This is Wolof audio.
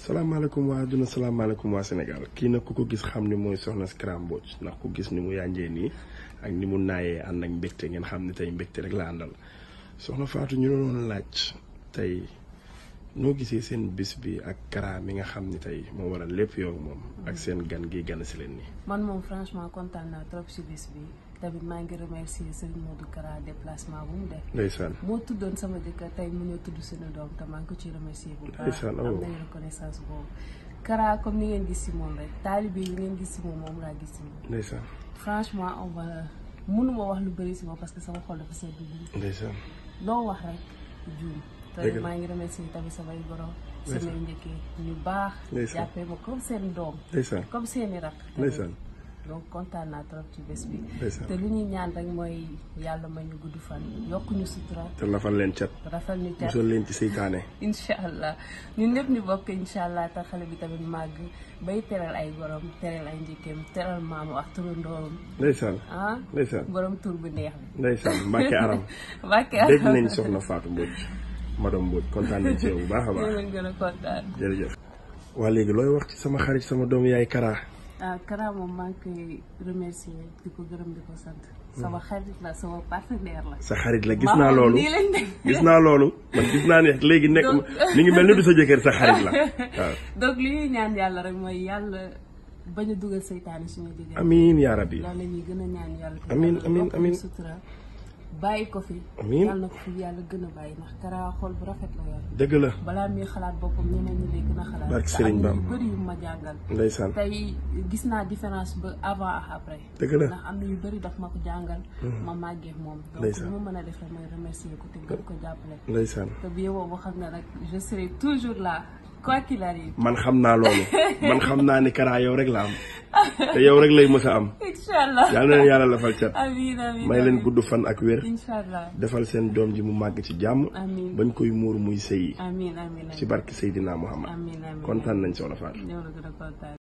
salaamaaleykum waa adduna salaamaaleykum waa Sénégal kii nag ku ko gis xam ni mooy soxna si Kara Mbodj ndax ku gis ni mu yànjee nii ak ni mu naayee ànd ak mbégte ngeen xam ne tey mbégte rek la àndal soxna Fatou ñu doon laaj tey noo gisee seen bis bi ak Kara mi nga xam ni tey moo waral lépp yow moom ak seen gan gi gan si leen nii. man moom franchement kontaan naa trop si bis bi. tamit maa ngi remercier Serigne Modou Kara déplacement bu mu def. ndeysaan moo tuddoon sama jëkkër tey mënoo tudd suñu doom te maa ngi ko ciy remercier bu baax oh. am comme ni ngeen gis si moom rek taalibe yi ngeen gis si moom moom laa gis si moom. ndeysaan franchement on va mënuma wax lu bëri si moom parce que sama xol dafa sedd bi. ndeysaan loo wax rek juum. dëgg maa ngi remercier tamit samay borom. samay njëkkee ñu baax. jàppee ma comme seen doom. comme seen i rakk. donc kontaan naa trop ci bés bi. te lu ñuy ñaan rek mooy yàlla ma ñu gudd fan yokk ñu sutura. te rafal leen cat. rafal ñu cat musal leen ci seytaane. incha allah ñun ñëpp ñu bokk incha allah te xale bi tamit màgg bay teral ay borom teral ay njëkkeem teral maamu ak turandoom. ndeysaan ah ndeysaan borom tur bu neex bi. ndeysaan Mbacke Aram. Mbacke Aram kontaan nañ ci bu baax waa léegi looy wax ci sama xarit sama doom yaay Kara. ah Kara moom maa ngi koy remercier di ko gërëm di ko sant. sama hmm. xarit la sama partenaire la. sa xarit la gis naa loolu naa loolu man gis naa ne léegi nekk mi ngi mel ni du sa jëkkër sa xarit la donc li ñuy ñaan yàlla rek mooy yàlla bañ a dugal seytaane suñu diggante. amiin yaa rabbi loolu la ñuy gën a ñaan bàyyi ko fi. amiin yàlla gën a bàyyi ndax Kara xol bu rafet la dëgg la balaa muy xalaat boppam ñeneen ñi lay gën a xalaat. barke Serigne Bamba jàngal. ndeysaan gis naa différence ba avant ak après. dëgg la am na yu bëri daf ma ko jàngal. Mhm. ma màggee moom. ndeysaan donc ma mën a def ko te gën ko jàppale. ndeysaan te bu yow na nag man xam naa loolu man xam naa ni Kara yow rek la am te yow rek lay mës a am. incha allah yàlla na yàlla lafal cat amiin leen gudd fan ak wér defal seen doom ji mu màgg ci jàmm amiin bañ koy muur muy sëy ci barke Seydina Muhammad amiin amiin kontaan nañ soxna Fatou